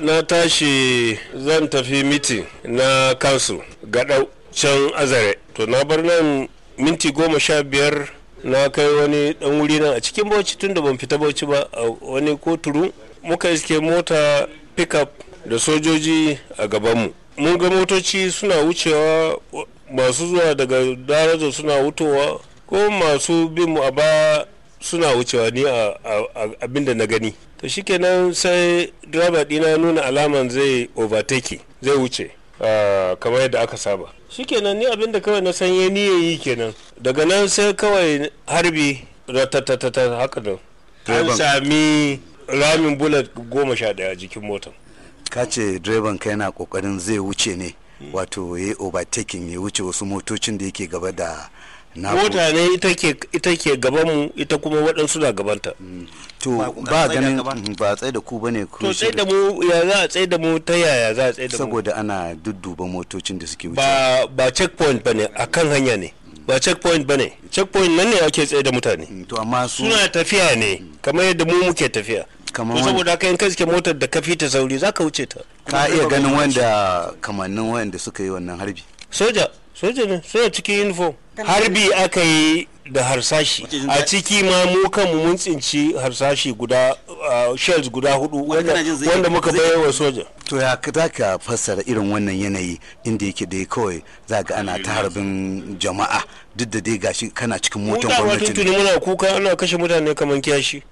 na tashi zan tafi mitin na kansu gaɗau can azare to na bar nan minti goma sha biyar na kai wani dan wuri nan a cikin bauchi tun da ban fita bauchi ba a wani koturu muka iske mota pickup da sojoji a gabanmu mun ga motoci suna wucewa masu zuwa daga darajar suna wutowa ko masu bin mu a baya suna wucewa ni abinda na gani to shikenan sai direba dina nuna alaman zai overtake zai wuce ah, kamar yadda aka saba shikenan ni abin da kawai na san ya yi kenan daga nan sai kawai harbi ratatatata haka nan an sami ramin bullet goma sha daya jikin motan ka ce direban ka yana kokarin zai wuce ne hmm. wato ya overtaking ya wuce wasu motocin da yake gaba da mota ne ita ke gabanmu ita kuma waɗansu na gabanta to ba ganin ba tsaye da ku ba ne to tsaye da mu ya za a tsaye da mu ta yaya za a tsaye da mu saboda ana dudduba motocin da suke wuce ba checkpoint ba ne a kan hanya ne ba checkpoint ba ne checkpoint nan ne ake tsaye da mutane mm, to amma su suna tafiya ne kamar yadda mu muke tafiya kamar saboda haka in kai suke motar da ka fita sauri za ka wuce ta ka iya ganin wanda kamannin wanda suka yi wannan harbi soja soja ne soja cikin uniform harbi aka yi da harsashi a ciki ma mu kanmu mun tsinci harsashi guda shells guda hudu wanda muka bayar wa soja to ya za ka fassara irin wannan yanayi inda yake dai kawai za ga ana ta harbin jama'a duk da dai gashi kana cikin motar gwamnati mu tuntuni muna kuka ana kashe mutane kamar kiyashi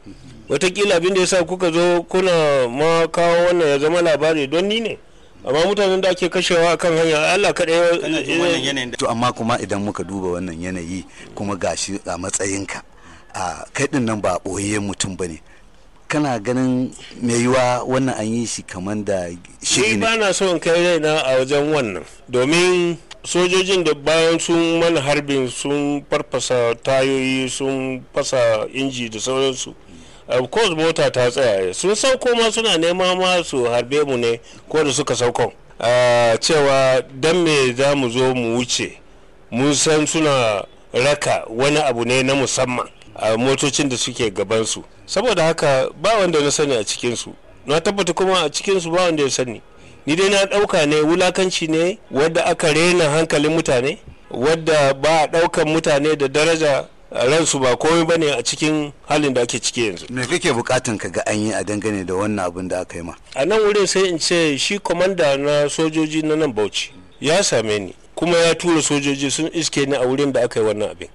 watakila abin da yasa kuka zo kuna ma kawo wannan ya zama labari don ni ne amma mutanen da ake kashewa kan hanya Allah kaɗai wannan to amma kuma idan muka duba wannan yanayi kuma gashi a matsayinka a kai din nan ba boye mutum bane kana ganin mai yiwa wannan an yi shi kamar da shi ne ba na son kai raina a wajen wannan domin sojojin da bayan sun mana harbin sun farfasa tayoyi sun fasa inji da sauransu of course mota ta tsaya sun sauko ma suna nema ma su harbe mu ne ko da suka saukon ah, cewa dan me za mu zo mu wuce mun san suna raka wani abu ne na musamman a motocin da suke gabansu saboda haka ba wanda na sani a cikinsu na tabbata kuma a cikinsu ba wanda ya sani ni dai na ɗauka ne wulakanci ne wadda aka rena hankalin mutane wadda ba a ɗaukan mutane da daraja ransu ba komai ba ne a cikin halin da ake ciki yanzu. Me kake bukatan ka ga an yi a dangane da wannan abin da aka yi ma? A nan wurin sai in ce shi kwamanda na sojoji na nan Bauchi ya same ni kuma ya tura sojoji sun iske ni a wurin da aka yi wannan abin.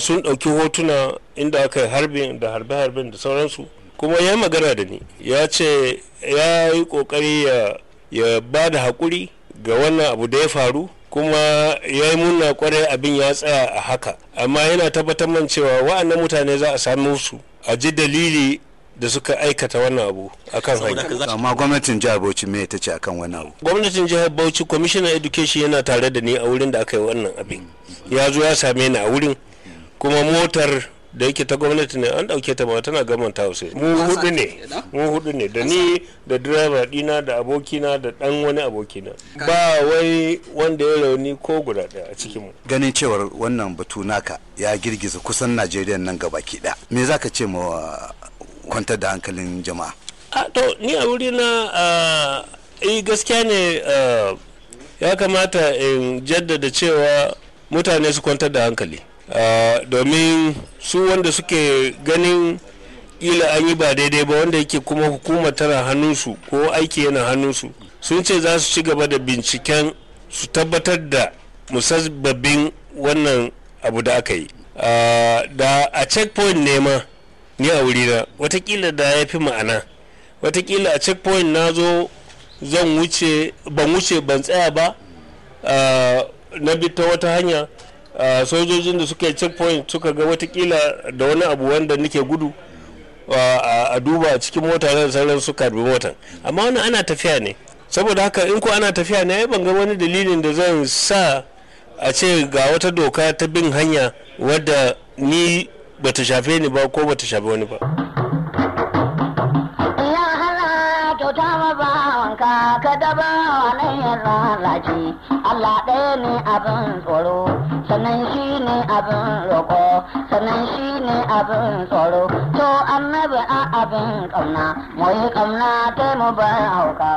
sun ɗauki hotuna inda aka yi harbin da harbe-harben da sauransu kuma ya magana da ni ya ce ya yi ƙoƙari ya ba da haƙuri ga wannan abu da ya faru kuma ya yi muna kwarai abin ya tsaya a haka amma yana tabbatar man cewa wa'annan mutane za a samu su a ji dalili da suka aikata wannan abu akan hanya amma gwamnatin jihar Bauchi me ta ce akan wannan abu gwamnatin jihar Bauchi commissioner education yana tare da ni a wurin da aka yi wannan abin ya zo ya same ni a wurin kuma motar da yake ta gwamnati ne an dauke ta ba tana gaman ta hausa mu hudu ne mu hudu ne da ni da direba dina da abokina da dan wani abokina ba wai wanda ya rauni ko guda daya a cikin mu ganin cewar wannan batu naka ya girgiza kusan Najeriya nan gaba ki da me zaka ce ma kwantar da hankalin jama'a a to ni a wuri na eh gaskiya ne ya kamata in jaddada cewa mutane su kwantar da hankali Ah, domin su wanda suke ganin ila an yi ba daidai ba wanda yake kuma hukumar tana hannunsu ko aiki yana hannunsu sun ce za su ci gaba da binciken su tabbatar da musabbabin wannan abu da aka yi ah, da a checkpoint ne ma ni a wurina watakila da ya fi ma'ana watakila a checkpoint na zo zan wuce ban wuce ban tsaya ba ah, na bi ta wata hanya sojojin da suka yi checkpoint suka ga watakila da wani abu wanda nake gudu a duba cikin mota na sauran su karbi motan amma wani ana tafiya ne saboda haka in ko ana tafiya ne ban ga wani dalilin da zan sa a ce ga wata doka ta bin hanya wadda ni bata shafe ni ba ko bata shafe wani ba. mallaki Allah ɗaya ne abin tsoro sannan shi ne abin roƙo sannan shi ne abin tsoro to annabi a abin ƙamna mu yi ƙamna ta mu bar hauka